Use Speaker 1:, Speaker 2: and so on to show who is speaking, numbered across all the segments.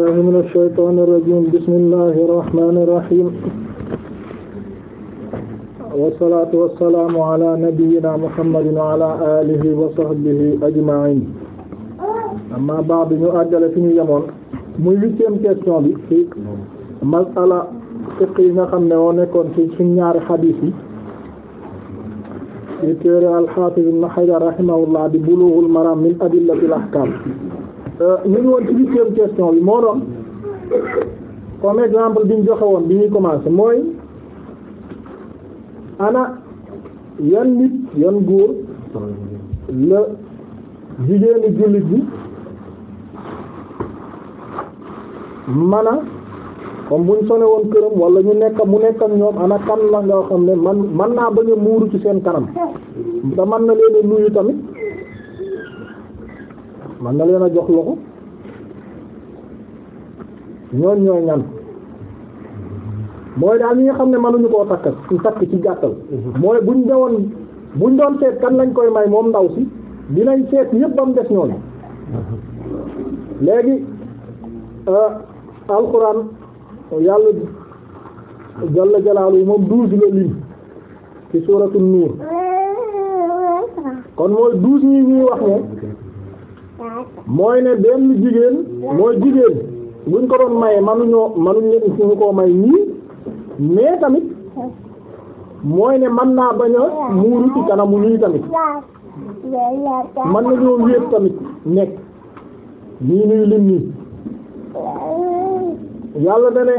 Speaker 1: الله من الشيطان الرجيم بسم الله الرحمن الرحيم والصلاة والسلام على نبينا محمد وعلى آله وصحبه أجمعين أما بعد ñu àggale fi ñu yemoon muy huitième question bi ci masala fiqh yi nga xam ne moo nekkoon ci suñ ñaari xadiis yi ci téere al-Hafiz Ibn Hajar rahimahullah di Bulughul Maram min adillatil ahkam Euh, ñu ngi woon ci huitième question bi moo doon comme exemple bi ñu joxe woon bi ñuy commencé mooy ana yan nit yan góor la jigéenu jullit bi man a comme buñ sone woon këram wala ñu nekk mu nekk ak ñoom ana kan la nga xam man man naa bañ a muuru ci seen kanam da man na leen nuyu tamit man nga leen a jox loxo ñooñ ñooy ñan mooy daal ñi xam ne mënuñu koo takk takk ci gàttal mooy buñ dewoon buñ doon seet kan lañ koy may moom ndaw si dinañ seet yëpp ba mu des ñooñu léegi euh, alxuraan yàlla jalla jalaalu moom douze la lim ci suuratul nuur kon mooy douze ñi ñuy wax moom mooy ne benn jigéen mooy jigéen buñ ko doon maye manuñoo manuñ leen suñu koo may ñii mais tamit mooy ne man naa bañ a muuru ci kanamu tamit
Speaker 2: man nañoo wéet tamit
Speaker 1: nekk nii nuy lim nii yàlla da ne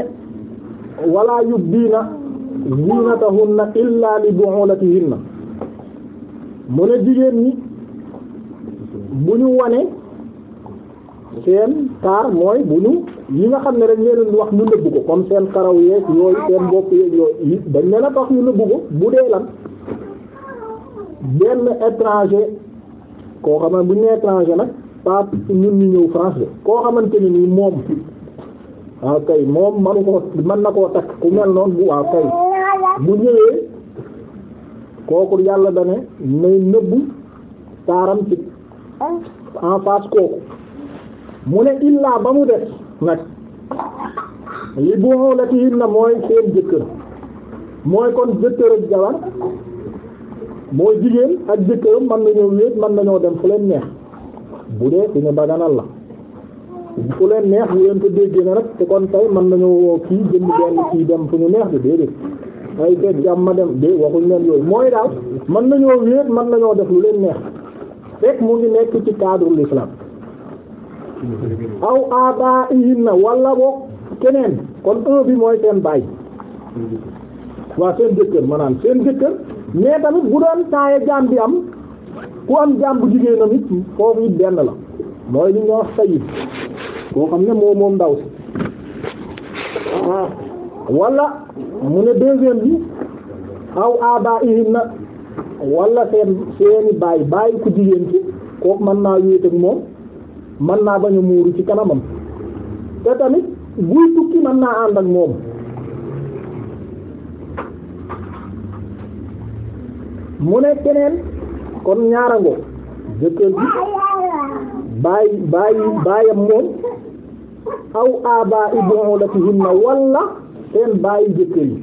Speaker 1: wala yubdiina zinatahunna illa li bu'ulatihinna mu ne jigéen ñi bu wane seen taar mooy bu ñu yi nga xam ne dañ leen wax ñu nëbb ko comme seen karaw yeeg yooyu seen bopp yeeg yooyu dañ leen a tax ñu nëbb ko bu dee lan benn étranger koo xamante bu ñu nee nag pas ñun ñu ñëw France koo xamante ni nii moom waaw ah kay moom manu ko mën na koo takk ku mel noonu bu waaw kay bu ñëwee kooku yàlla da ne nay taaram ci en face kooku. mu ne illaa ba mu def nag li buxuulatihin na mooy seen jëkkër mooy kon jëkkër ak jabar mooy jigéen ak jëkkëram mën nañoo wéet mën nañoo dem fu leen neex bu dee suñu baganal la fu leen neex bu leen ko déggee na rek te kon tey mën nañoo woo kii jënd benn kii dem fu ñu neex bi déedéet ay fekk jàmm ma dem dé waxuñ leen yooyu mooy daal mën nañoo wéet mën nañoo def lu leen neex fekk mu ngi nekk ci cadre l'islam aw abaa'ihinna wala boog keneen kon un bi mooy seen baay waa seen jëkkër maanaam seen jëkkër mais bu doon taaye jaam bi am ku am jaam bu jigéenam it foofu it benn la mooy li ñuy wax sayid koo xam ne moom moom ndaw si wala mu ne deuxième bi aw abaa'ihinna wala seen seeni baay baay ku jigéen ci kooku mën naa wéet ak moom man naa bañ muuru ci kanamam te tamit buy tukki mën naa ànd ak moom mu ne keneen kon ñaarango jëkkër bi baay baay baayam moom aw aba ibulatihim na walla seen baayu jëkkër yi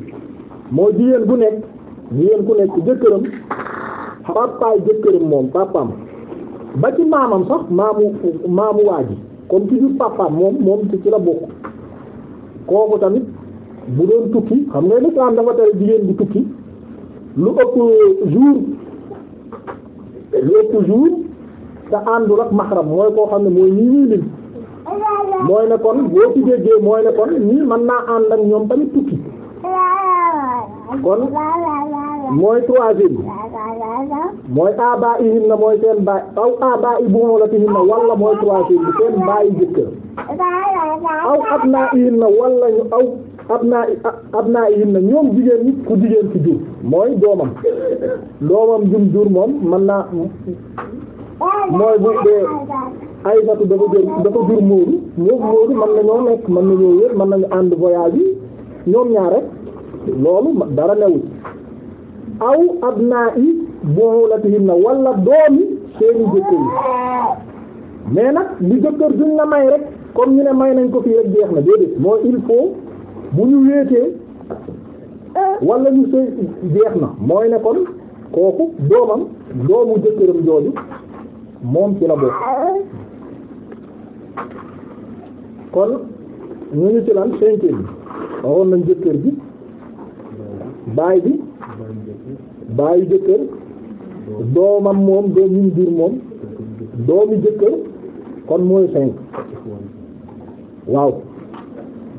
Speaker 1: moo jigéen bu nekk jigéen ku nekk jëkkëram papaay jëkkëram moom papam ba ci maamam sax maamu maamu waa ji comme ci biir papaam moom moom ci ci la bokk kooku tamit bu doon tukki xam nga lislaam dafa tere jigéen bu tukki lu ëpp jour lu ëpp jour te àndul ak maxaram mooy koo xam ne mooy ñii ñuy lim mooy ne kon boo ci déggee mooy ne kon ñii mën naa ànd ak ñoom tamit tukki
Speaker 2: kon mooy troisième
Speaker 1: mooy aba ihim na mooy seen baay aw aba ibulatihim na wala mooy troisième bi seen baayu jëkkër aw abna ihim na wala ñu aw abna abna ihim na ñoom jigéen ku jigéen ci jur mooy doomam doomam jum jur moom mën naa mooy bu dee Aysatu dafa jur dafa jur Móodu moom Móodu mën nañoo nekk mën nañoo wér mën nañu ànd voyage yi ñoom ñaar rek loolu dara newul aw abnaa'i bu'ulatihim na wala doomi seeni jëkkër yi mais nag li jëkkër duñ la may rek comme ñu ne may nañ ko fii rek jeex na déedéet mooy il faut bu ñu wéetee wala ñu sëy jeex na mooy ne kon kooku doomam doomu jëkkëram jooju moom ci la bokk kon ñu ñu ci lan cinquième waxoon nañ jëkkër ji baay bi baayu jëkkër doomam moom doom yi moom doomi jëkkër kon mooy cinq waaw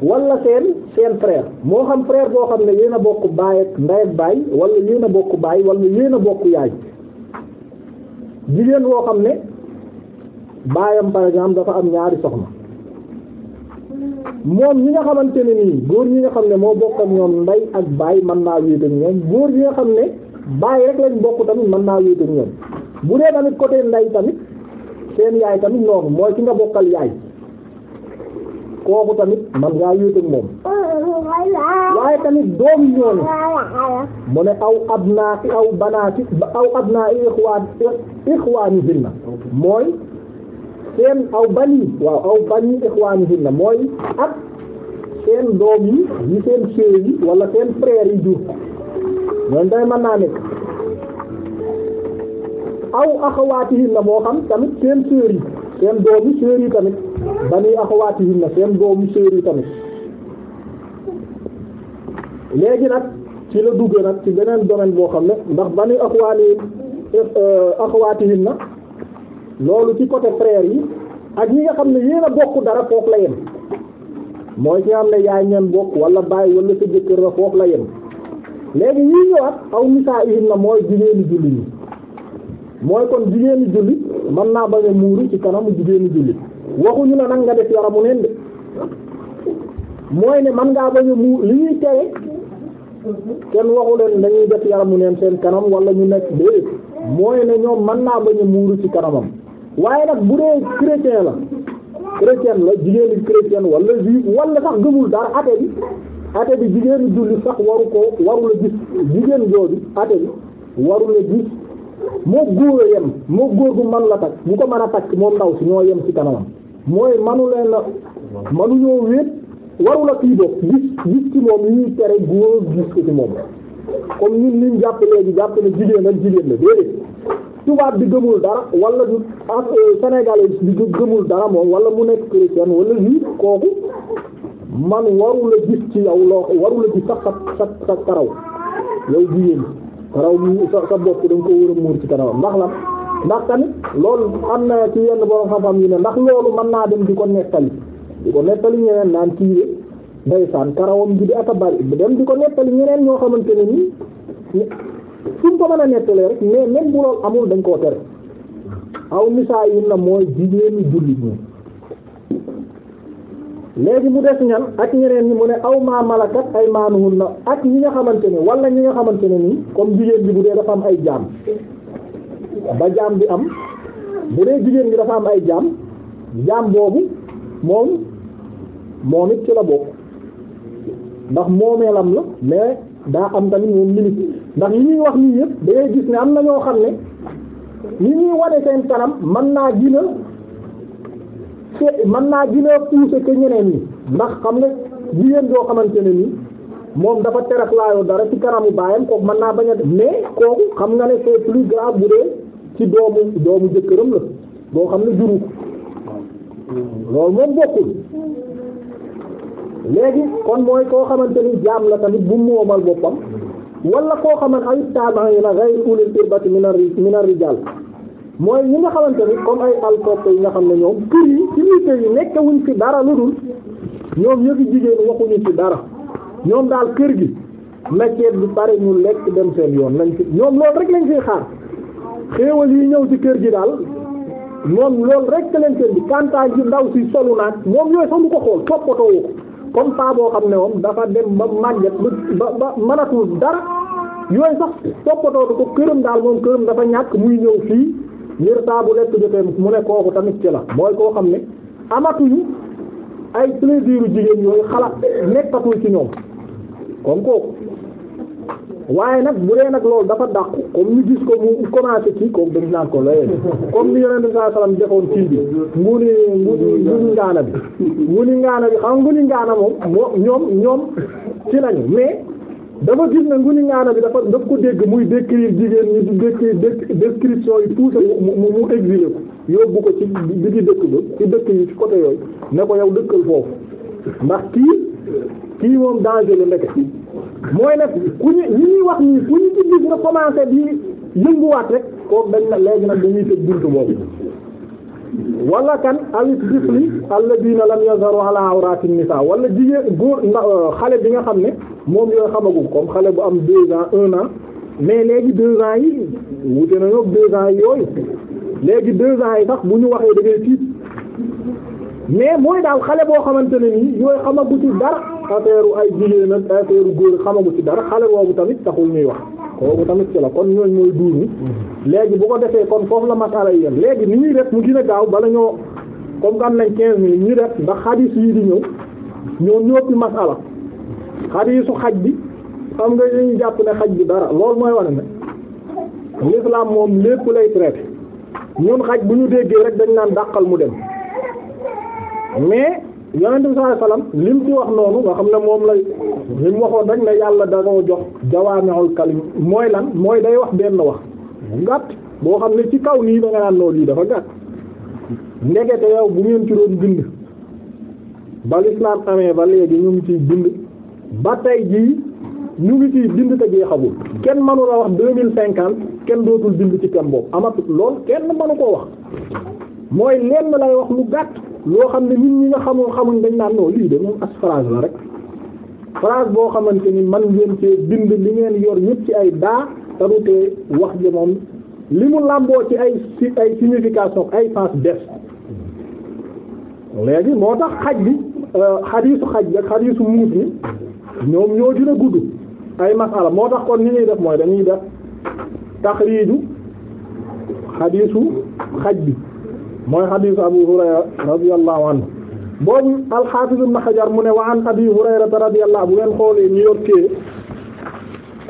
Speaker 1: wala seen seen frère moo xam frère boo xam ne yéen a bokk baay ak ndey ak baay wala yéen a bokk baay wala yéen a bokk yaay jigéen boo xam ne baayam par exemple dafa am ñaari soxna moom ñi nga xamante ne nii góor ñi nga xam ne moo bokk ak ñoom ndey ak baay man naa wéet ak góor ñi nga xam ne baay rek lañ bokk tamit mën naa wéeteeg ñoom bu dee tamit côté nday tamit seen yaay tamit noonu mooy ki nga bokkal yaay kooku tamit man ngaa wéeteeg moom. waaye tamit doom ñooñu mu ne aw abnaa aw banaati aw abnaa ixwaan ixwaanihinna mooy seen aw bani waaw aw bani ixwaanihinna mooy ak seen doom yi yi seen sœur yi wala seen frère yi jur. loolu day man naa nekk aw axawaatihim na moo xam tamit seen sœurs yi seen doomu sœurs yi tamit bani axawaatihim na seen doomu sœurs yi tamit léegi nag ci la dugg nag ci beneen doman boo xam ne ndax bani axawaani euh, axawaatihim na loolu ci côté frère yi ak ñi nga xam ne yéen a bokk dara foofu la yem mooy ci nga ne yaay ñeen bokk wala baay wala sa jëkkër la foofu la yem léegi ñuy ñëwaat aw nisaa ihim na mooy jigéenu julli ñi mooy kon jigéenu julli man naa bañ a muuru ci kanamu jigéenu julli waxuñu la nag nga def yaramu neen de mooy ne man ngaa bañ a muur li ñuy tere kenn waxu leen dañuy def yaramu neen seen kanam wala ñu nekk déedéet mooy ne ñoom mën naa bañ a muuru ci kanamam waaye nag bu dee chrétien la chrétien la jigéenu chrétien wala juif wala sax gëmul dara ate bi ate bi jigéenu julli sax waru ko la gis jigéen jooju ate bi waru la gis moo góor yem moo góor gu man la takk bu ko mën a takk moom ndaw si ñoo yem ci kanamam mooy manu leen la manu ñoo wéet waru la kii bopp gis gis ci moom ñuy tere góor gis ko ci moom comme ñun liñ jàpp léegi jàpp ne jigéen ak jigéen la déedéet tubaab bi gëmul dara wala du euh, sénégalais bi gëmul dara moom wala mu nekk chrétien wala juif kooku man warula gis ci yow loo warula gis sax sa sa karaw yow jigéen karaw bi sa sa bopp da nga ko war a muur ci karaw ndax la ndax tamit loolu am na ci yenn borom xam-xam yi ne ndax loolu man naa dem di ko nettali di ko nettali ñeneen naan kii ndeysaan karawam gi di aka bari dem di ko nettali ñeneen ñoo xamante ne ni suñ ko mën a nettalee rek mais même bu loolu amul dañ koo tere aw misaa yi na mooy jigéenu jullit ñi léegi mu des ñan ak ñeneen ñi mu ne aw maa malakat ay maanuhun na ak ñi nga xamante ne wala ñi nga xamante ne nii comme jigéen bi bu dee dafa am ay jaam ba jaam bi am bu dee jigéen bi dafa am ay jaam jaam boobu moom moom it ci la bokk ndax moomeelam la mais daa am tamit ñoom limite ndax li ñuy wax nii yëpp da gis ne am na ñoo xam ne li ñuy wane seen kanam mën naa gina se man naa gën a pousser que ñeneen nii ndax xam nga jigéen doo xamante ne ni moom dafa tereflaayoo dara ci kanamu baayam ko mën naa bañ a def mais kooku xam nga ne c'est plus grave bu dee ci doomu doomu jëkkëram la boo xam ne juru loolu moom bokkul léegi kon mooy koo xamante ni jaam la tamit bu moomal boppam wala koo xamante ay tabax yi la ghayr ulil irbati min ar-rijal mooy ñi nga xamante ni comme ay alcool yi nga xam ne ñoom tur yi ci lycée yi nekk wuñ ci dara lu dul ñoom ñëfi jigéen waxuñu ci dara ñoom daal kër gi na ceeb bi pare ñu lekk dem seen yoon lañ ci ñoom loolu rek lañ ciy xaar xéewal yi ñëw ci kër gi daal moom loolu rek te leen seen bi kantaan ji ndaw si solu naag moom yooyu sax ko xool toppatoo wu ko comme paa boo xam ne moom dafa dem ba màgget ba ba mënatul dara yooyu sax toppatoo du ko këram daal moom këram dafa ñàkk muy ñëw fii ngir saa bu lekk jotee mu ne kooku tamit ci la mooy koo xam ne amatuñu ay plaisir yu jigéen yooyu xalaat nekkatul ci ñoom comme kooku waaye nag bu dee nag loolu dafa dàqu comme ñu gis ko mu commencé ci comme dañu naan ko lay comme ni yonent bi sallallahu alayhi kii bi nguni nguni nguni ngaana bi nguni ngaana bi xam nguni ngaana moom ñoom ñoom ci lañu mais dafa gis ne ngunu ñaana bi dafa daf ko dégg muy décrire jigéen ñi di décrire description yi poussé mu mu exilé ko yóbbu ko ci bi ci dëkk ba ci dëkk yi ci côté yooyu ne ko yow dëkkal foofu ndax kii ki moom danger lu ndeke mooy nag ku ñu ñi ñuy wax nii ku ñu ci gis nga commencé di yënguwaat rek ko dañ na léegi nag dañuy tëj wala kan awit tifli alladina la yazharu ala awratin saa wala jigéen góor euh, xale bi nga xam ne moom yooyu xamagum comme xale bu am deux ans un an mais léegi deux ans yi wute nañoo deux ans yi yooyu léegi deux ans yi sax bu ñu waxee da ngay tiit mais mooy daal xale boo xamante ne nii yooyu xamagu ci dara affaire ay jigéen ak affaire góor xamagu ci dara xale boobu tamit taxul ñuy wax kooku tamit ci la kon ñooñ mooy duur mi léegi bu ko defee kon foofu la masala yi léegi ni ñuy def mu gën a gaaw bala ñoo comme que am nañ quinze minutes ñu def ndax xadis yi di ñëw ñoo ñoppi masala xadisu xaj bi xam nga ñu jàpp ne xaj bi dara loolu mooy wane ne l'islam moom lépp lay traité ñun xaj bu ñu déggee rek dañ naan dàqal mu dem mais yonent bi sallallahu alayhi lim ci wax noonu nga xam ne moom lay li waxoon rek ne yàlla da jox jawaami'ul kalim mooy lan mooy day wax benn wax gàtt boo xam ne ci kaw nii da nga naan loolu lii dafa gàtt ndegete yow bu ngeen ci doon bind ba lislaam amee ba léegi ñu ngi ciy bind ba tey jii ñu ngi ciy bind te jeexagul kenn mënu la wax deux mille cinquante kenn dootul bind ci thème boobu amatut lool kenn mënu koo wax mooy lenn lay wax lu gàtt. loo xam ne nit ñi nga xamoo xamuñ dañ naan non lii de moom as phrase la rek phrase boo xamante ni man ngeen cee bind li ngeen yor ñëpp ci ay daa tarutee wax ji moom li mu làmboo ci ay ay signification ay sens des léegi moo tax xaj bi euh, xadiisu xaj bi ak xadiisu muus mi ñoom ñoo dina gudd ay masala moo tax kon ni ñuy def mooy dañuy def taxriiju xadiisu xaj bi mooy xadiis Abu Hurayra radiyallahu anhu boobu al-Hafiz Ibn Hajar mu ne wa an Abi Hurayra radiyallahu bu ngeen xoolee ñu yokkee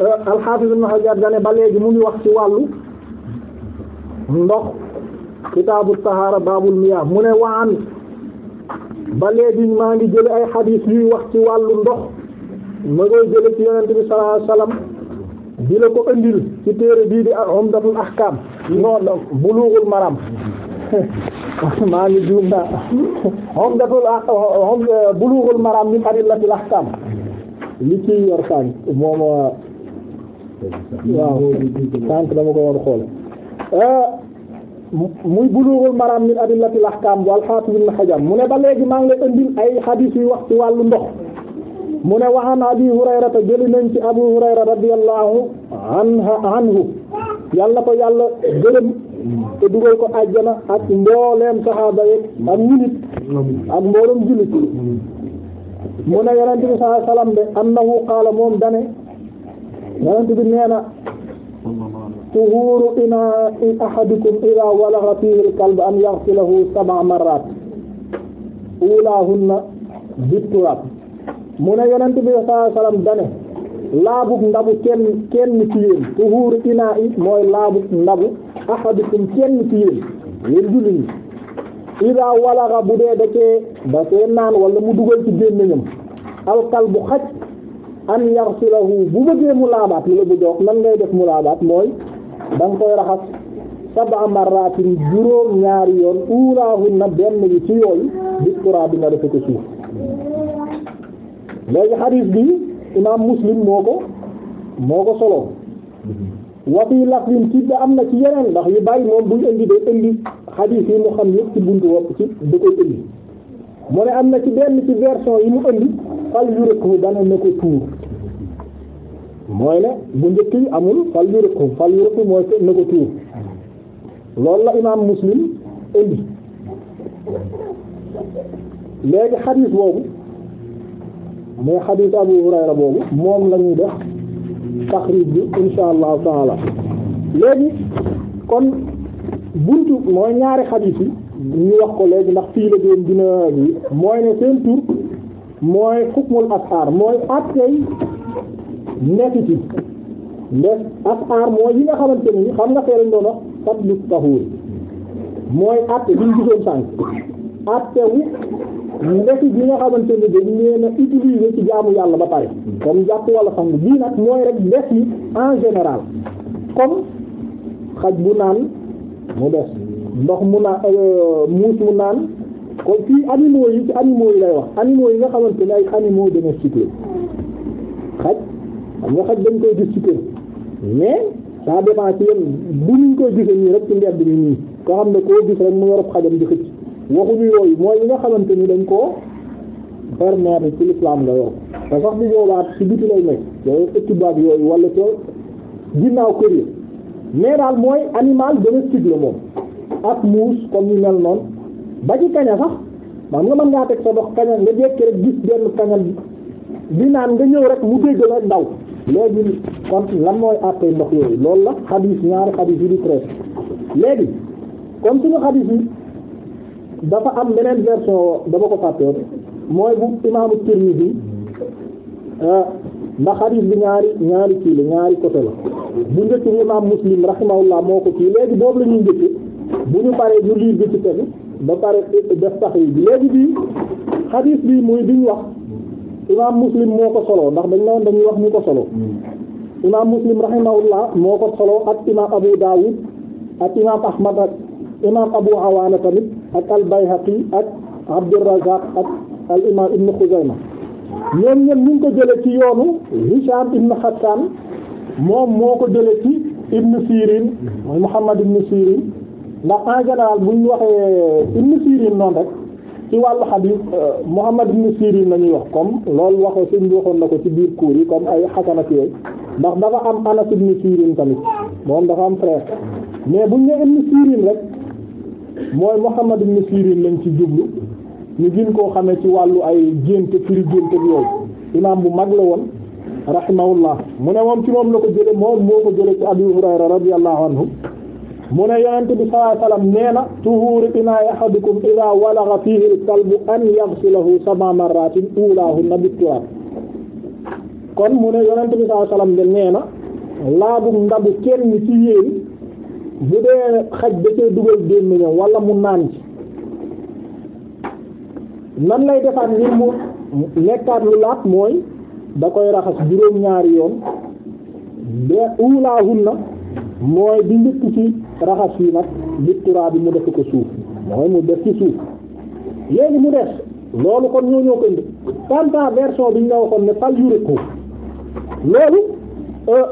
Speaker 1: euh, al-Hafiz Ibn Hajar dane ba léegi mu ngi wax ci wàllu ndox kitaabu tahaara baabul miyaa mu ne wa an ba léegi maa ngi jële ay xadiis yuy wax ci wàllu ndox ma koy jële ci yonent bi sallallahu di la ko indil ci téere bii di Umdatul Ahkaam non Maram maa ngi juum naa Umdatul ah, eh, Bulughul Maram min adillatil ahkam li ciy yor sànq moom eh, waaw sànq dama ko war a xool eh, muy Bulughul Maram min adillatil ahkam wal Hafiz Ibn Hajar mu ne ba léegi maa ngi ay hadith yu wàllu ndox mu ne waxaan Abi Hurayrata jëli nañ ci Abu Hurayra radiyallahu anhu yàlla ko yàlla gërëm te dugal ko àjjana ak mbooleem saxaaba yi ak ñulit ak mbooleem jullit mu bi saa salaam de annahu qaala moom dane yonent bi nee na tuhuru ina ahadikum ila walagha fihi al-kalb an yaghsilahu sab'a marrat ulahunna bitturab mu ne yonent bi saa salaam dane laabub ndabu kenn kenn ci yéen tuhuru ina i mooy laabub ndabu ahadikum kenn ci yéen yéen jullit ñi ida walaxa bu dee da cee da cee naan wala mu dugal ci gémmiñam alkal bu xaj an yaxsilahu bu bëggee mu laabaat li la bëgg a wax nan ngay def mu laabaat mooy da nga koy raxas sab'a marratin juróom ñaari yoon ulahunna benn bi ci yooyu bisturaa bi nga defe ko suuf léegi xadiis bi imaam muslim moo ko moo ko solo wa yi lafzin ci da am na ci yeneen ndax yu bàyyi moom buy indi day indi xadiis yi mu xam yëpp ci buntu wopp ci da koy indi mu ne am na ci benn ci version yi mu indi fal yu rëkku dana na ko tuur mooy ne bu njëkk yi amul fal yu rëkku fal mooy na ko tuur loolu la imaam muslim indi léegi xadiis boobu mais xadiis abu hurayra boobu moom lañuy def taxrij bi insha allahu taala léegi kon buntu mooy ñaari xadiis yi ñu wax ko léegi ndax fii la doon dina yi mooy ne seen tur mooy xukmul asar mooy attey nekkiti ndef asar mooy yi nga xamante ni xam nga feerañ doon wax fadlu tahur mooy atte bi ñu gisoon sànq atte wu nekk bi nga xamante ne dañ leen a utiliser ci jaamu yàlla ba pare comme jàpp wala sangu bii nag mooy rek def yi en général comme xaj bu naan mu des ndox mu naan euh, muus mu naan kon fii animaux yi ci animaux yi lay wax animaux yi nga xamante ne ay animaux domestiques xaj xam nga xaj dañ koy gis ci kër mais ça dépend ci yéen bu ñu koy gisee nii rek ci mbedd bi nii nga xam ne koo gis rek mu yorub xajam di xëcc waxuñu yooyu mooy li nga xamante ni dañ koo permettre ci l'islam nga yor te sax bu boobaa ci biti lay nekk yooyu ëtti baag yooyu wala te ginnaaw kër yi mais daal mooy animal domestique la moom ak muus comme ñu mel noonu ba ci kaña sax man nga mën ngaa teg sa ndox kaña nga jekki rek gis benn kaña di naan nga ñëw rek mu dégg la ndaw léegi kon lan mooy àttee ndox yooyu loolu la xadiis ñaari xadiis yi di traité léegi comme suñu xadiis yi dafa am beneen version dama ko fàttewoon mooy bu imaamu Tirmidhi ah, ndax xadiis bi ñaari ñaari kii la ñaari côté la bu njëkk bi imaam Muslim rahimahullah moo ko kii léegi boobu la ñuy njëkk bu ñu paree ñu liir bi ci tegu ba pare def tax yi bi léegi bii xadiis bi muy bi ñu wax imaam Muslim moo ko solo ndax dañ noon dañuy wax ñu ko solo imaam Muslim rahimahullah moo ko solo ak imaam Abu Dawud ak imaam Ahmad ak imaam Abu Awaana tamit ak al-Bayhaqi ak Abdurrazzaq ak al imaam Ibn Xuzayma ñoom ñoom ñu ngi ko jëlee ci yoonu Hisham Ibn Hassan moom moo ko jële ci Ibn Sirin mooy Muhammad Ibn Sirin ndax en général bu ñu waxee Ibn Sirin noonu rek ci wàllu xadiis euh, Muhammad Ibn Sirin la ñuy wax comme lool waxee suñu waxoon na ko ci biir cours comme ay Hasan ak yooyu ndax dafa am Anas Ibn Sirin tamit moom dafa am frère mais bu ñu Ibn Sirin rek. mooy Muhammad ibn Sirin lañ ci jublu ñu gën koo xamee ci wàllu ay gént firi gént ak yooyu imaam bu mag la woon rahimahullah mu ne moom ci moom la ko jële moom moo ko jële ci Abu Hurayra radiyallahu anhu mu ne yonent bi sallallahu alayhi nee na tuhuru inaaya ahadukum idha walagha fihi al-kalbu an yaghsilahu sab'a marratin ulahunna bit-turab kon mu ne yonent bi sallallahu alayhi wa nee na laabum ndabu kenn ci yéen bu dee xaj da cee dugal gémmiñam wala mu naan ci nan lay defaat ngir mu nekkaat lu laat mooy da koy raxas juróom-ñaari yoon de uulaahun na mooy di njëkk ci raxas yi nag bitturaa bi mu def ko suuf mooy mu def ci suuf léegi mu des loolu kon ñoo ñoo ko indi tanta version bi ñu la waxoon ne fal yu rek loolu euh,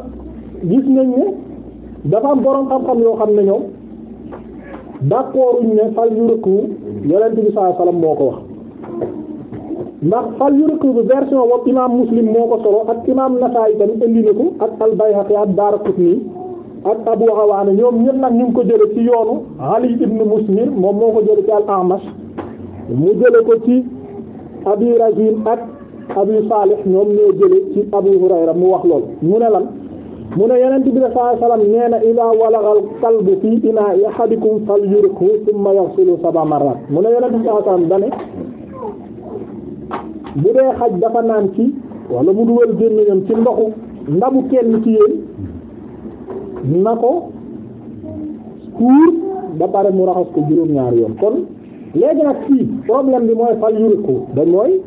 Speaker 1: gis nañ ne dafa am borom xam-xam yoo xam ne ñoom d'accord uñ ne fal yurku yonent bi sallallahu alayhi moo ko wax ndax fal yurku bi version boobu imaam muslim moo ko solo ak imaam Nasaa'i tamit indi na ko ak al-Bayhaqi ak Daaraqutni ak Abu Awaana ñoom ñëpp nag ñu ko jële ci yoonu Ali ibn Muslim moom moo ko jële ci al-Amash mu jële ko ci Abi Razin ak Abi Salih ñoom ñoo jële ci Abu Hurayra mu wax lool mu ne lan mu ne yonent bi sallallahu alayhi wa sallam nee na idaa walagal qalbu fii inaa'i ahadikum falyurikhu thumma sab'a marrat mu ne yonent bi sallallahu alayhi wa sallam dane bu dee xaj dafa naan ci wala mu dugal gémmiñam ci ndoxu ndabu kenn ci yéen na ko tuur ba pare mu raxas ko juróom-ñaari yoon kon léegi nag fii problème bi mooy falyurikhu da mooy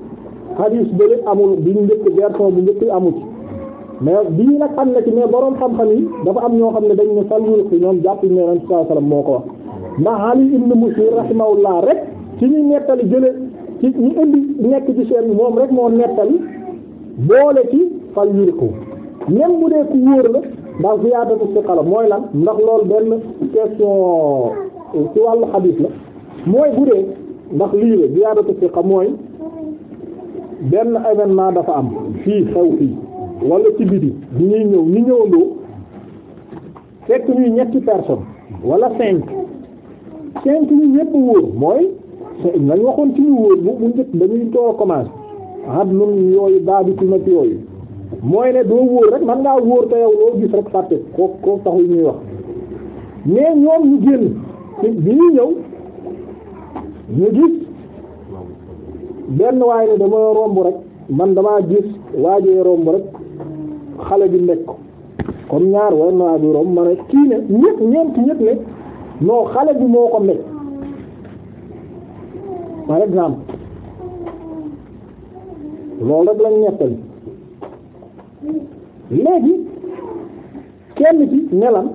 Speaker 1: hadis bële amul bi njëkk version bu njëkk amul mais bii nag am na ci mais borom xam-xam yi dafa am ñoo xam ne dañ ne salwulxi ñoom jàpp ne nabi moo ko wax ndax Ali ibn Mushir rahimahullah rek ci ñuy nettali jële ci ñu indi nekk ci seen moom rek moo nettali boole ci fal yurku même bu dee ku wóor la ndax ziyaadatu siqa mooy lan ndax loolu benn question ci wàllu xadiis la mooy bu dee ndax lii la ziyaadatu siqa mooy benn événement dafa am fii xew fii wala ci biti bi ñuy ñëw ñu ñëwandoo fekk ñuy ñetti personne wala cinq cinq ñu ñëpp wóor mooy nañ waxoon ci ñu wóor bu bu njëkk dañuy door a commencer at ah nun yooyu baabitu nag yooyu mooy ne doo wóor rek man ngaa wóor te yow loo gis rek fàtte ko ko taxul ñuy wax mais ñoom ñu génn bi ñu ñëw ñu gis benn waay ne dama romb rek man damaa gis waajee romb rek xale bi nekk ko kon ñaar war naa bi rom man a kii ne ñëpp ñeenti ñëpp ne non xale bi moo ko nekk par exemple loolu rek lañ nettali léegi kenn ci nelan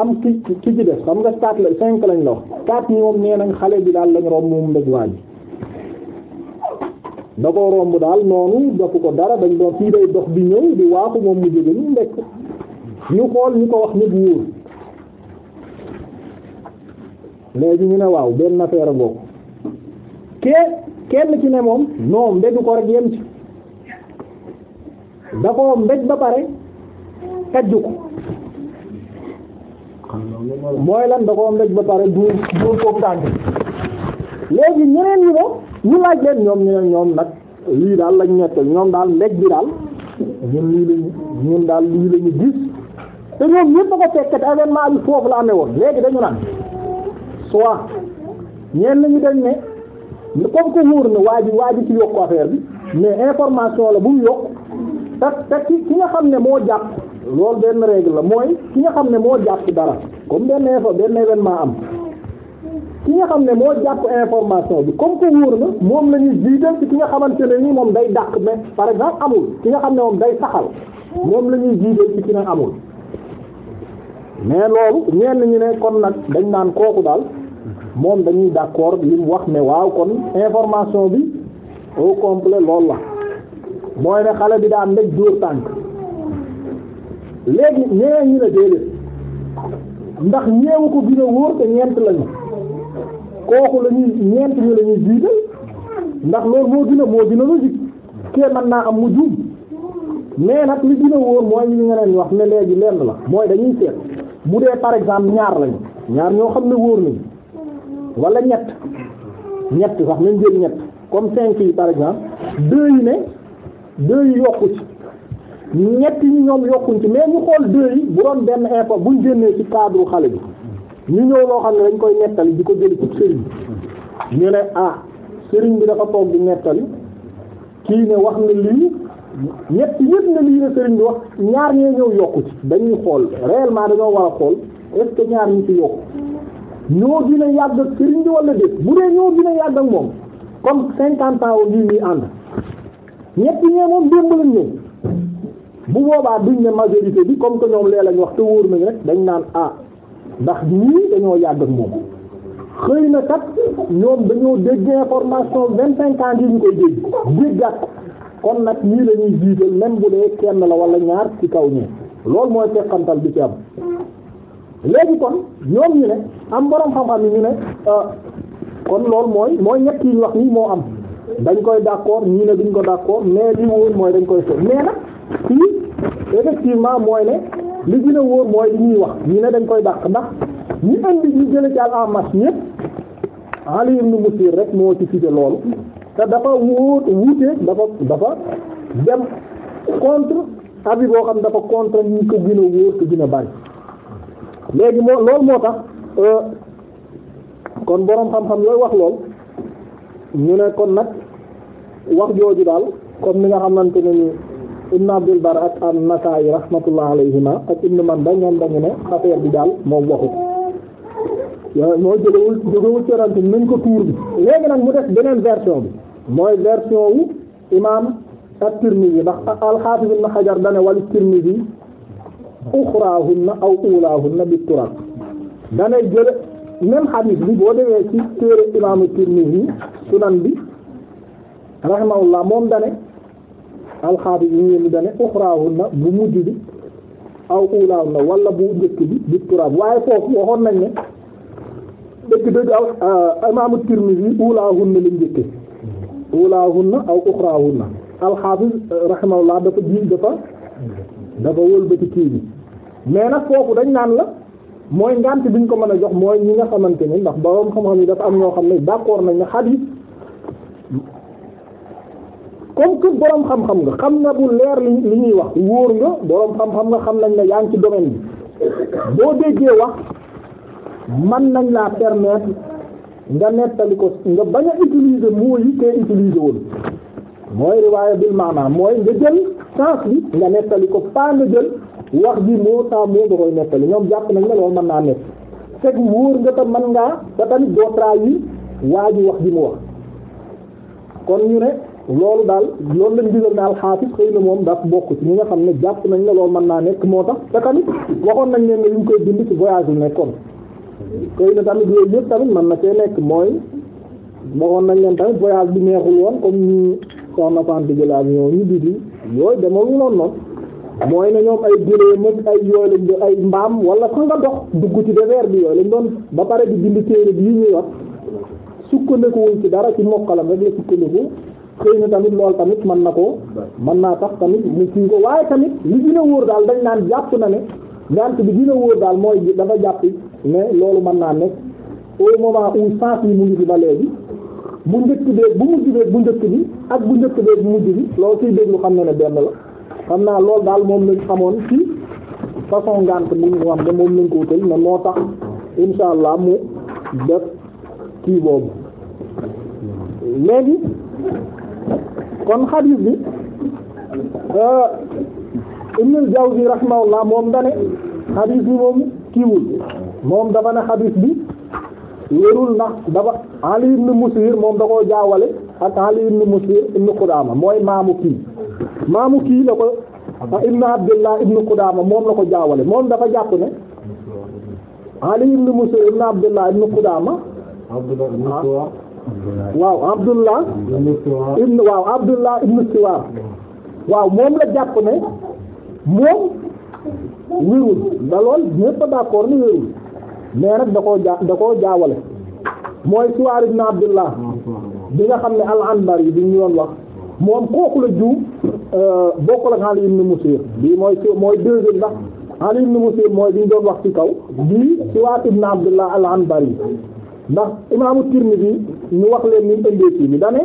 Speaker 1: am ki ki ci des xam nga quatre la cinq lañ la wax quatre ñoom nee nañ xale bi daal lañ rom moom mbéj waa da ko romb daal noonu dafu ko dara dañ doon fii day dox di ñëw di waaxu moom mu jóge ñu ndekk ñu xool ñu ko wax nit wóor léegi ñu ne waaw benn affaire ngoo ke kenn ci ne moom non mbéju ko rek yem ci da ko ba pare tajju ko mooy lan da ba pare duur duur foofu tànk léegi ñeneen ñi moom ñu laaj leen ñoom ñu ñoom nag lii daal lañ ñettal ñoom daal mbéj bi daal ñun lii lañu ñun daal lii lañu gis te ñoom ñëpp a ko fekk te événement bi foofu la amee woon léegi dañu naan soit ñeen nañu dañ ne comme que wóor na waa ji waa ji ci yokku affaire bi mais information la bu mu yokk te te ki ki nga xam ne moo jàpp loolu benn règle la mooy ki nga xam ne moo jàpp dara comme benn benn événement am ki nga xam ne moo jàpp information bi comme que wóor na moom la ñu jiital ci ki nga xamante ne nii moom day dàq mais par exemple amul ki nga xam ne moom day saxal moom la ñuy jiital ci ki ne amul mais loolu ñenn ñu ne kon nag dañ naan kooku daal moom dañuy d'accord li mu wax ne waaw kon information bi au complet lool la mooy ne xale bi daan ndaj dóor tànk léegi ñeneen ñu ne déedéet ndax ñeewu ko gën wóor te ñeent lañu kooku la ñeent ñu la ñuy ndax loolu moo gën moo gën a logique kee mën naa am mu juum mais nag li gën a wóor mooy li nga leen wax ne léegi lenn la mooy dañuy seet bu dee par exemple ñaar lañu ñaar ñoo xam ne wóor nañu wala ñett ñett sax nañ jël ñett comme cinq yi par exemple deux yi ne deux yi yokku ci ñett yi ñoom yokkuñ ci mais ñu xool deux bu doon benn info buñ génnee ci cadre xale bi ñu ñëw loo xam ne dañ koy nettali di ko jëli ci sëriñ ñu ne ah sëriñ bi dafa toog di nettali kii ne wax na lii ñett ñëpp ne lii ne sëriñ bi wax ñaar ñee ñëw yokku ci dañuy xool réellement dañoo war a xool est que ñaar ñu ci yokku ñoo gën a yàgg ak sëriñ bi wala déet bu dee ñoo gën a yàgg ak moom comme cinquante ans wu ñuy ànd ñett ñee moom démb lañ ñëw bu boobaa duñ ne majorité bi comme que ñoom lee lañ wax te wóor nañ rek dañ naan ah. ndax ñii dañoo yàgg ak moom xëy na kat ñoom dañoo dégg information vingt cinq ans yi ñu koy dégg déggat kon nag ñii la ñuy jiital même bu dee kenn la wala ñaar ci kaw ñi loolu mooy teqantal bi ci am léegi kon ñoom ñu ne am borom xam-xam yi ñu ne euh, kon loolu mooy mooy ñett yi ñu wax nii moo am dañ koy d'accord ñii ne duñ ko d'accord mais li woon mooy dañ koy so mais nag fii effectivement mooy ne li gën a wóor mooy li ñuy wax ñu ne dañ koy dàq ndax ñu indi ñu jële ci al-Amash ñépp Ali ibn Musir rek moo ci cité loolu te dafa wóor wuute dafa dafa dem contre avis boo xam dafa contre ñu ko gën a wóor ko gën a bari léegi moo loolu moo tax euh, kon boroom xam-xam yooyu wax lool ñu ne kon nag wax jooju daal comme ni nga xamante ne ni Ibn Abdul Bar ak an-Nasaa'i rahmatullah alayhima ak Ibn Manda ñoom dañu ne affaire bi daal moom waxut moo jógewul jógewul corante nañ ko tuur bi léegi nag mu def beneen version bi mooy version wu imam at-Tirmidhi ndax al-Hafiz Ibn Hajar dane wal Tirmidhi uxraahunna aw ulaahunna bit-turab dane jële même hadith bi boo demee ci téere imam at-Tirmidhi sunan bi rahimahullah moom dane alxaadi yi ñeen dane na bu mujj bi aw ulaahunna wala bu njëkk bi bi turaab waaye foofu waxoon nañ ne dëgg dëgg aw ah, imaamu Tirmidhi ulaahunna lañ njëkke na aw uxraahunna alxaafis eh, laa dafa jiiñ dafa dafa wëlbati kii bi mais nag foofu dañ naan la mooy ngànt biñ ko mën a jox mooy ñi nga xamante ni ndax boroom xam-xam yi dafa am ñoo xam ne d'accord nañ ne xadiis comme que borom xam-xam nga xam na leer li ñuy wax wóor nga borom xam-xam nga xam nañ ne yaa ngi ci domaine bi boo déggee wax man nañ laa permettre nga nettali ko nga bañ a utiliser mots yi koy utiliser woon mooy riwaaya bil maanaam mooy nga jël sens bi nga nettali ko pas nga jël wax ji moo tax moo nga koy nettali ñoom jàpp nañ la loolu mën naa nekk fekk wóor nga tam mën ngaa ba tamit doo trahir waa wax ji mu wax kon ñu ne loolu daal yoon lañ digal daal xaafis xëy na moom daf bokk ci ñi nga xam ne jàpp nañ la loolu man naa nekk moo tax te tamit waxoon nañ leen ne li mu koy bind ci voyage yu nekkoon xëy na tamit yooyu yëpp tamit man na see nekk mooy waxoon nañ leen tamit voyage bi neexul woon comme ñu soxna Fane di jël avion ñu biti yooyu demawul noonu noonu mooy ne ñoom ay gëléem ak ay yooyu lañ doon ay mbaam wala sax nga dox dugg ci désert bi yooyu lañ doon ba pare di bind téere bi yi ñuy wax sukkandiku wuñ ci dara ci mokkalam rek la xëy na tamit loolu tamit mën na koo mën naa tax tamit mu kii ko waaye tamit li gën a wóor daal dañ naan jàpp na ne ngant bi gën a wóor daal mooy dafa jàpp ne loolu mën naa nekk au moment où sens yi mu ngi fi ba léegi bu njëkk bee bu bu njëkk bi ak bu njëkk bee bu mujj bi loolu ciy déglu xam ne ne benn la xam naa lool daal moom lañ xamoon ci façon ngant bi ñu xam ne moom lañ ko wutal ne moo tax insha allah mu def kii boobu léegi kon xadiis bi euh, Ibn al-Jawzi rahimahullah moom dane xadiis bi moom kiiwul moom dafa ne xadiis bi wérul ndax dafa Ali ibn Musir moom da koo jaawale ak Ali ibn Musir ibn Qudama mooy maamu kii maamu kii la ko ibn Abdullah ibn Qudama moom la ko jaawale moom dafa jàpp ne Ali ibn Musir ibn Abdullah ibn Qudama waaw abdullah ibn waaw abdullah ibn siwaar waaw moom la jàpp ne moom wérul da lool ñépp d'accord ni wérul mais nag da koo jaa da koo jaawale mooy siwaar ibn abdullah bi nga xam ne al-Anbar yi bi ñu doon wax moom kooku la ju euh, bokkul ak Ali ibn Musir bii mooy mooy deuxième ndax Ali ibn Musir mooy bi ñu doon wax ci kaw bii siwaar ibn abdullah al yi ndax imaamu Tirmidhi mu wax leen ni mu ëndee ci bi dane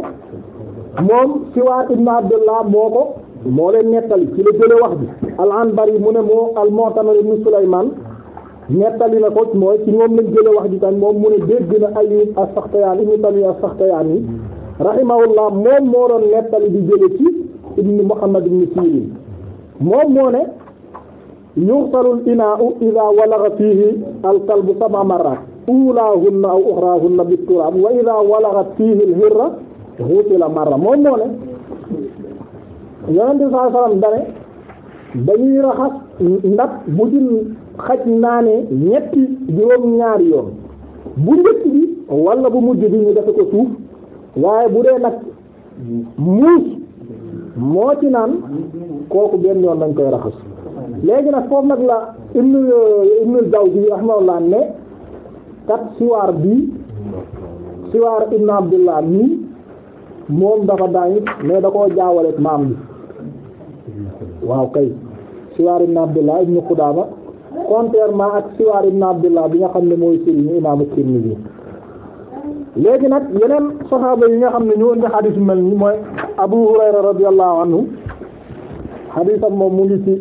Speaker 1: moom Siwaat ibn Abdullah moo ko moo leen nettali ci la jële wax bi al-Anbari mu ne moo al-Mu'tamir ibn Sulaymaan nettali na ko mooy ci moom lañ jële wax ji tan moom mu ne dégg na Ayyub as-Saxtiyaani ibn Tamiya as-Saxtiyaani rahimahullah moom moo doon nettali di jële ci ibn Muhammad ibn Sirin moom moo ne yuxsalul inaa'u idaa walagha fiihi al-kalbu sab'a marraat uulaahunna aw uxraahunna bi turaab wa idaa walagat fiihi al-hirra xutila marra moom moo ne yonente saa salaam dane dañuy raxas ndab bu jël xaj naanee ñetti juróom-ñaari yoon bu njëkk bi wala bu mujj bi ñu defe ko suuf waaye bu dee nag muus moo ci naan kooku benn yoon dañ koy raxas léegi nag foofu nag la ibnu ibnu Jawzi rahimahullah ne kat siwaar bii siwaar ibn abdullah nii moom dafa dañit mais da koo jaawaleek maam bi waaw kay siwaar ibn abdullah ibn xudaama contrairement ak siwaar ibn abdullah bi nga xam ne mooy sëriñu léegi nag yeneen saxaaba yi nga xam ne ñu indi xadiis mel ni mooy abu hurayra radiyallahu anhu xadiisam moom mu ngi ci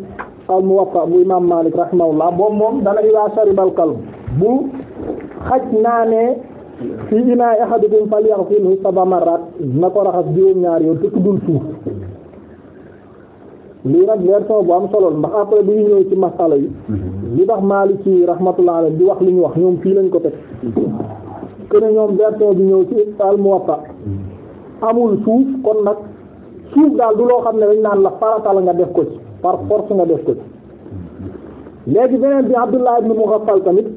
Speaker 1: al bu imaam malik rahimahullah boobu moom dana ila sharibal kalb bu xaj naa ne fii inaay ahadikum falyaghsilhu sab'a marrat na ko raxas juróom-ñaar yoon te tuddul suuf lii nag version bu am solo ndax après bu ñu ñëw ci masala yi mhm. li tax Maliki rahmatullah alayhi di wax li ñu wax ñoom fii lañ ko teg kene ñoom version bi ñëw ci al-Muwatta mhm. amul suuf kon nag suuf daal du loo xam ne dañ naan la faratal nga def ko ci par force nga def ko ci mhm. léegi beneen bi Abdullah ibn Mughaffal tamit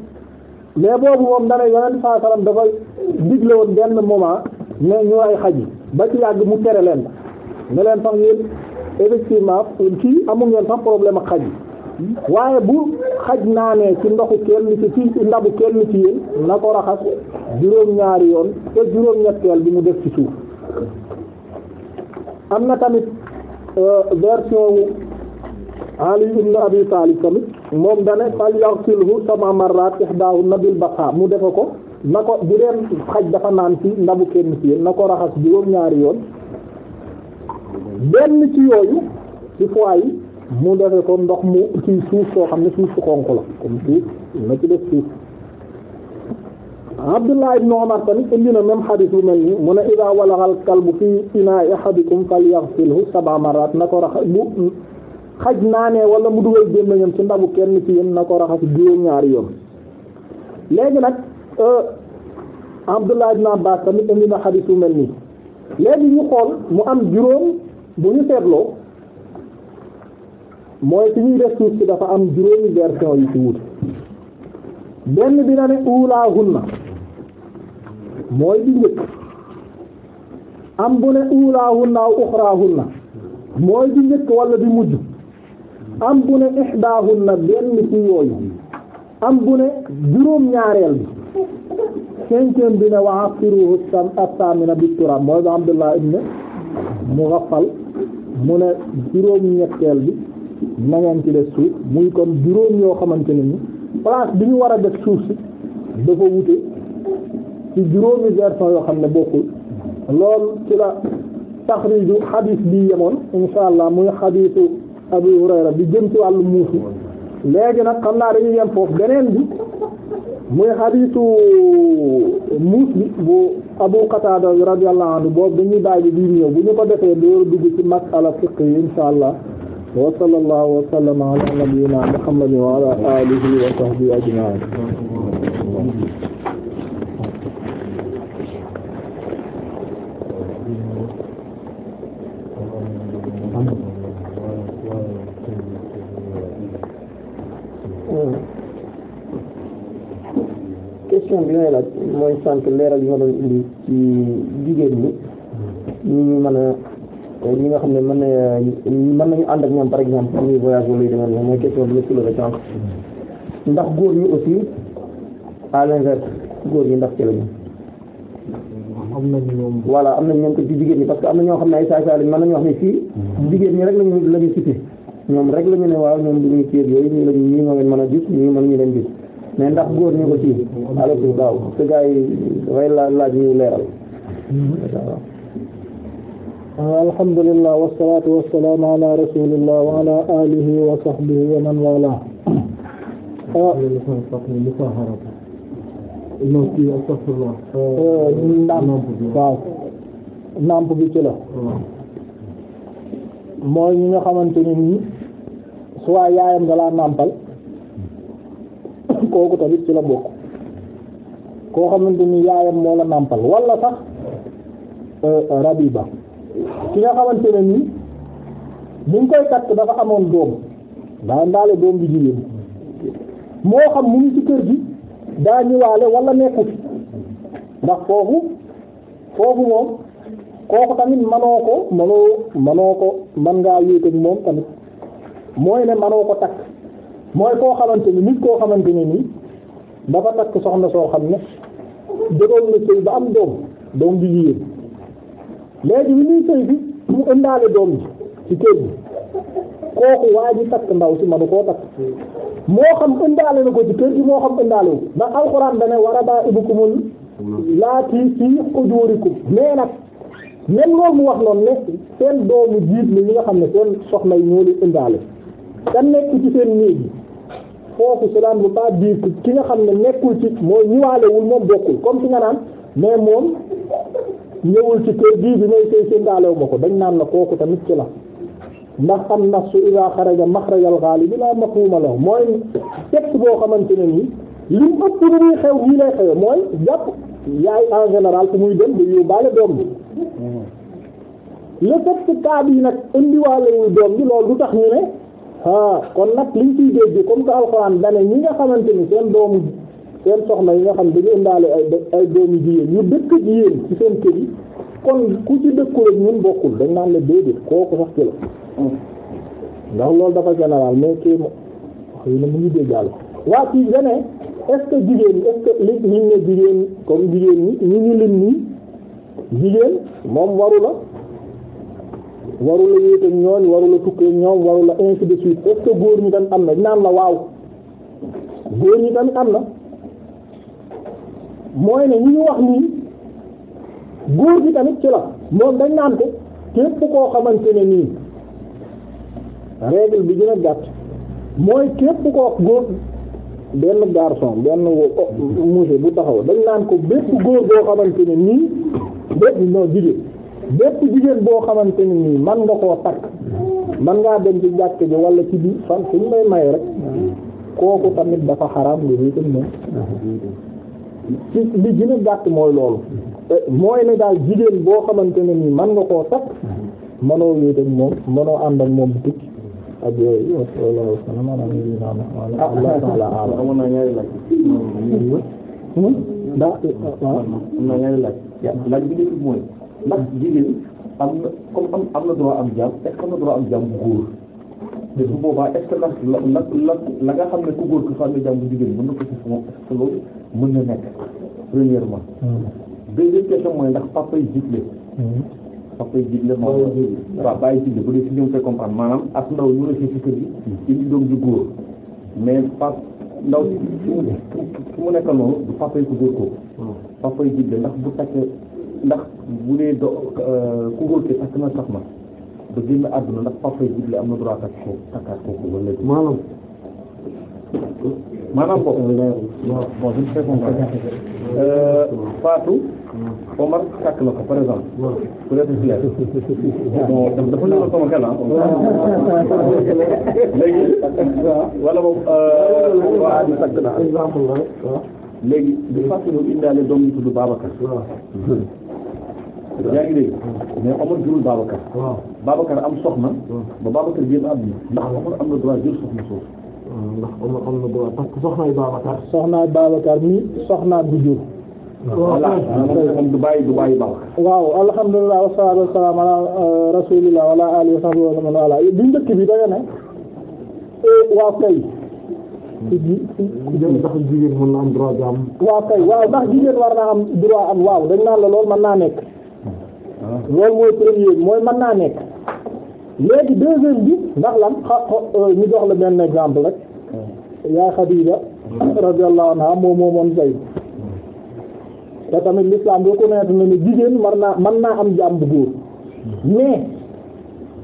Speaker 1: mais boobu moom dana yonent saa salaam dafa digle woon moment ne ñu xaj yi ba ci yàgg mu tere leen ne leen sax effectivement kii amu ngeen sax problème ak xaj waaye bu xaj naanee ci ndoxu kenn ci ci ndabu kenn ci yéen na ko raxas juróom-ñaari yoon te juróom-ñetteel bi mu def ci suuf am na tamit euh, version Ali ibn Abi Talib tamit moom dane fal yaxsilhu sama marrat ihdaahu nabil basa mu defe ko na ko bu dee xaj dafa naan ci ndabu kenn ci na ko raxas juróom-ñaari yoon benn ci yooyu ci fois yi mu defe ko ndox mu ci suuf soo xam ne suuf su xonq la comme suuf na ci def suuf Abdullah ibn Umar tamit indi na même xadis bu mel nii mu ne idaa walaxal kalbu fii inaa'i ahadikum falyaghsilhu sab'a marrat na ko raxas bu xaj naa ne wala mu dugal gémmiñam ci ndabu kenn ci yéen na ko raxas juróom-ñaari yoon léegi nag euh, Abdullah ibn Abbas tamit indi na xadiis yu mel nii léegi ñu xool mu am juróom bu ñu seetloo mooy ci ñuy def suuf si dafa am juróomi version yu ci wut benn bi na ne ulaahunna mooy bi njëkk am bu ne ulaahunna aw uxraahunna mooy bi njëkk wala bi mujj am bu ne ihdaahunna benn ci yooyu am bu ne juróom-ñaareel bi cinquième bi ne wa afiruhu as-samina bi turab mooy ba Abdullah ibn Mughaffal mu ne juróom-ñetteel bi na ci def suuf muy kon juróom yoo xamante ne ni place bi ñu war a def suuf si dafa wute ci juróomi version yoo xam ne bokkul loolu ci la taxriju xadiis bi yemoon insha allah muy xadiisu Abu Hurayra bi jëm ci wàllu muusu léegi nag xam naa dañuy yem foofu beneen bi muy xadiisu muus bi bu Abu Qatada radiyallahu anhu boobu dañuy bàyyi bi ñëw bu ñu ko defee door dugg ci masala fiqh yi insha allah wa sallallahu wa sallama ala nabiyyina
Speaker 3: Muhammadin wa ala alihi wa question bi ngay laaj mooy sant leeral yi nga doon indi ci jigéen ñi ñi ñu mën a ñi nga xam ne man na mën nañu ànd ak ñoom par exemple ñuy voyage mooy question bi nga soulevé sànq ndax góor ñi aussi à l'inverse góor ñi ndax ci lañu am nañu ñoom voilà am nañ ñoom ko ci jigéen ñi parce que am na ñoo xam ne ay saay saay lañ mën nañoo xam ne fii jigéen ñi rek lañu lañu cité ñoom rek lañu ne waaw ñoom bu ñuy kii yooyu ñu lañ ñi nga leen mën a gis ñii mën ñu leen gis mais ndax góor ñu ko ci alatu daaw te gars yi dafay laaj laaj ñu leeral
Speaker 1: alhamdulillah wasalatu wasalaamu ala rasulillah wa ala alihi wa sahbihi wa wala ah, waaw namp bi la mooy ñi nga xamante ni nii soit kooku tamit ci la bokk koo xamante ni yaayam moo la nàmpal wala sax euh, rabiba ki nga xamante ne nii bi ñu koy takk dafa amoon doom daa daal doom bi jigéen moo xam mu ngi ci kër gi daa ñëwaale wala nekku ndax foofu foofu moom kooku tamit manoo ko manoo manoo ko man ngaa yéeg ak moom tamit mooy ne manoo ko takk mooy koo xamante ni nit koo xamante ne nii dafa takk soxna soo xam ne jotoon na sëy ba am doom doom bi jigéen léegi bi muy sëy bi mu ëndaale doom bi ci kër gi kooku waa ji ndaw si manu koo takk moo xam ëndaale na ko ci kër gi moo xam ëndaale wu ndax alxuraan dane war a baa ibukumul laati fii ujurikum mais nag même loolu mu wax noonu ne seen doomu jiit ni ñi nga xam ne seen soxna yi ñoo leen ëndaale kan nekk ci seen néeg yi foofu cela ne veut pas dire ki nga xam ne nekkul ci mooy ñiwaalewul moom bokkul comme si nga naan mais moom ñëwul ci kër gii bi may sëy séndaalewu ma ko dañ naan la kooku tamit ci la ndax am nafsu ila xaraja maxrajal xaalibi la mafhuma la mooy texte boo xamante ne nii li mu ëpp lu muy xew lii lay xewe mooy jàpp yaay en général fu muy dem da yóbbaale doom bi mm-hmm. le texte cas bii nag indiwaalewul doom bi loolu du tax ñu ne ah kon nag liñ ciy dégg comme que alxuraan dane ñi nga xamante ni seen doomu seen soxna yi nga xam dañu indaale ay ay doomu jigéen ñu dëkk jigéen ci seen kër yi kon ku ci dëkkul ak ñun bokkul dañ naan la déedéet kooku sax ci la ndax loolu dafa général mais kii mo wax yi na mu ngi déggal waa ci gene est-ce jigéen est-ce que li liñ jigéen comme jigéen ñi ñu ñu lim nii jigéen moom waru la waru la yéete ñooñ waru la tukkee ñoom waru la de suite est que góor ñi tamit am na naan la waaw góor ñi tamit am na mooy ne ñu ñu wax nii góor gi tamit ci la moom dañ naan ko képp koo xamante ne nii règle bi gën a gàtt mooy képp koo góor benn garçon benn monsieur bu taxaw dañ naan ko bépp góor boo xamante nii bépp non jigéen bépp jigéen boo xamante ne nii man nga koo takk man ngaa dem ci jàkk ji wala ci bi fan suñ may may rek kooku tamit dafa xaraam nga wéetal moom ci li gën gàtt mooy loolu eh, mooy ne daal jigéen boo xamante ne nii man nga koo takk manoo wéetal moom manoo ànd ak moom tukk ak yooyu wasallahu na
Speaker 3: ñaari laaj hmm? ah. ndax jigéen am na comme am am na droit am jaam est-ce que am na droit am jaam bu góor te su boobaa est-ce que ndax la la la nga xam ne ku góor ku fa amee jaam bu jigéen mën na ko ci moom est-ce que loolu mën hmm. ndax papa yi jiitle. Hmm. papa yi jiitle moom waaw bàyyi jiitle bu dee si ñoom fay comprendre maanaam ak ndaw ñu rëcc si mais papa ndaw mu nekk noonu du papa yi góor ko. Hmm. papa yi ndax bu takkee. ndax bu dee do euh, ku góor ki takk na sax ma ba génn àdduna ndax papa yi am na droit takk ko takkaat kooku wala léegi maanaam maanaam ko euh, bon euh, takk na ko par exemple peut-être filaire bon dafa nekk sama xel ah léegi wala moom waa di takk na exemple léegi di fàttali ñu indaale doom yi tudd Babacar yaa ngi dégg mais Omar jurul Babacar Babacar am soxna ba Babacar jéem am ndax Omar am na droit jur soxna soosu ndax Omar am na droit parce que soxnaay Babacar soxnaay Babacar mi soxnaa bu jur
Speaker 1: du bàyyi du bàyyi Babacar waaw alhamdulilah wasalatu wasalam ala euh, rasulillah wala alihi wa sahbihi wa man wala bi njëkk bi danga ne euh, waaw kay hmm. jigéen ndax jigéen mën na am droit am waaw kay waaw ndax jigéen war naa am droit am waaw dañ naan la lool mën naa nekk loolu mooy premier mooy man naa nekk léegi deuxième bi ndax lan xa euh, ñu jox la benn exemple rek yaa Xadiija radiyallahu anha moom moo moom Zayd te tamit l'islam reconnaître na ne jigéen mën naa mën naa am jaam bu góor mais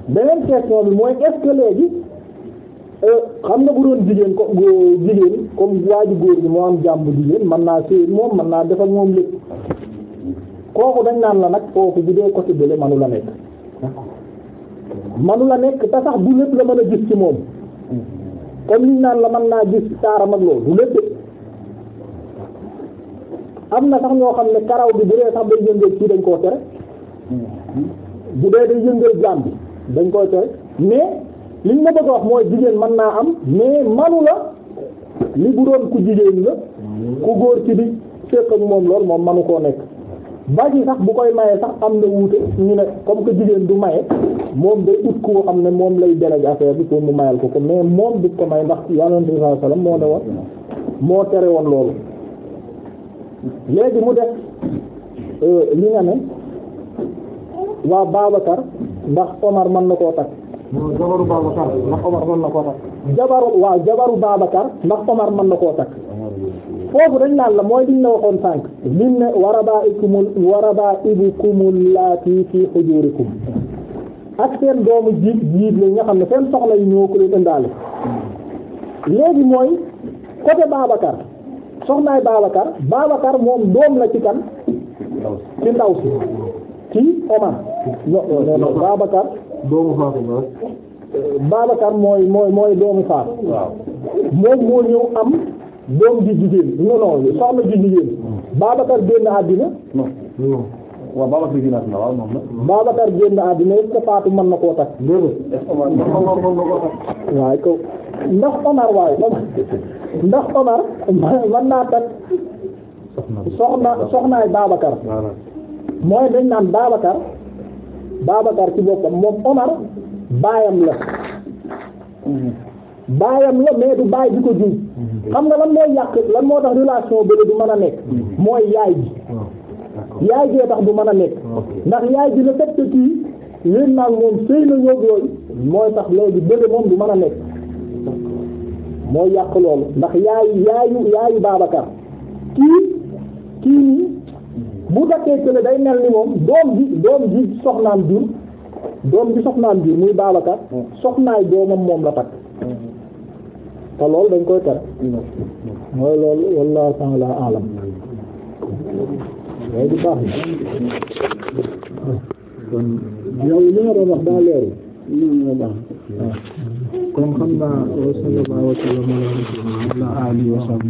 Speaker 1: beneen question bi mooy est-ce que euh, xam nga bu doon jigéen ko jigéen comme waa ji góor bi moo am jaam bu jigéen mën naa séy moom mën naa def moom lépp foofu dañ naan la nag kooku bu dee côté bële manu la nekk manu la nekk te sax du lépp la mën a gis ci moom comme liñ naan la man naa gis taaram ak loolu du lépp am na sax ñoo xam ne karaw bi bu dee sax day yëngal ci dañ koo tere bu dee day yëngal jaam dañ koo tere mais liñ ma bëgg a wax mooy jigéen man naa am mais manu la li bu doon ku jigéen la ku góor ci di fekk ak moom lool moom manu koo nekk baj yi sax bu koy maye sax am na wuute ñu ne comme que jigéen du maye moom day ut koo xam ne moom lay délégué affaire bi pour mu mayal ko ko moom du ko may ndax yonent bi sallallahu alayhi wasallam moo ne woon tere woon loolu léegi mu def euh, li nga ne waa Babacar ndax Omar mën na koo takk jabaru Babacar ndax Omar mën na koo takk jabaru waaw jabaru Babacar ndax Omar mën na koo takk foofu dañ naan la mooy liñ la waxoon sànq liñ ne warabaa'ikumul warabaa'ibukumul laati fi hujurikum ak seen doomu jiit jiit la nga xam ne seen soxla yu ñoo ko leen indaale léegi mooy côté Babacar soxnaay Babacar Babacar moom doom la ci kan ci ndaw si ci Omar no no mooy mooy mooy doomu Fatima moom moo ñëw am doom ji jigéen non soxna ji jigéen Babacar génn àddina. non waaw Babacar génn àddina na koo takk. déedéet est-ce que na waaye ko ndax Omar waaye ndax Omar mën naa takk soxna soxnaay Babacar. mooy dañ naan Babacar Babacar ci boppam moom Omar baayam la. Mhm. baayam la mais du baay bi ko jur xam nga lan mooy yàq lan moo tax relation bële du mën a nekk mooy yaay ji yaay jee tax du mën a nekk ndax yaay ji la fekk kii leen naag moom sëy na ñëw yooyu mooy tax léegi bële moom du man a nekk mooy yàq loolu ndax yaayu yaayu yaayu baabaka kii kii bu dakkee kële day mel ni moom doom ji doom ji soxnaam jur doom ji soxnaam jur muy Babacar soxnaay doomam moom la takk te loolu dañ koy tere mooy loolu wallahu ta'ala a'lam waaye di baax na kon xam naa wa sallallahu wa sallam
Speaker 2: ala alihi wa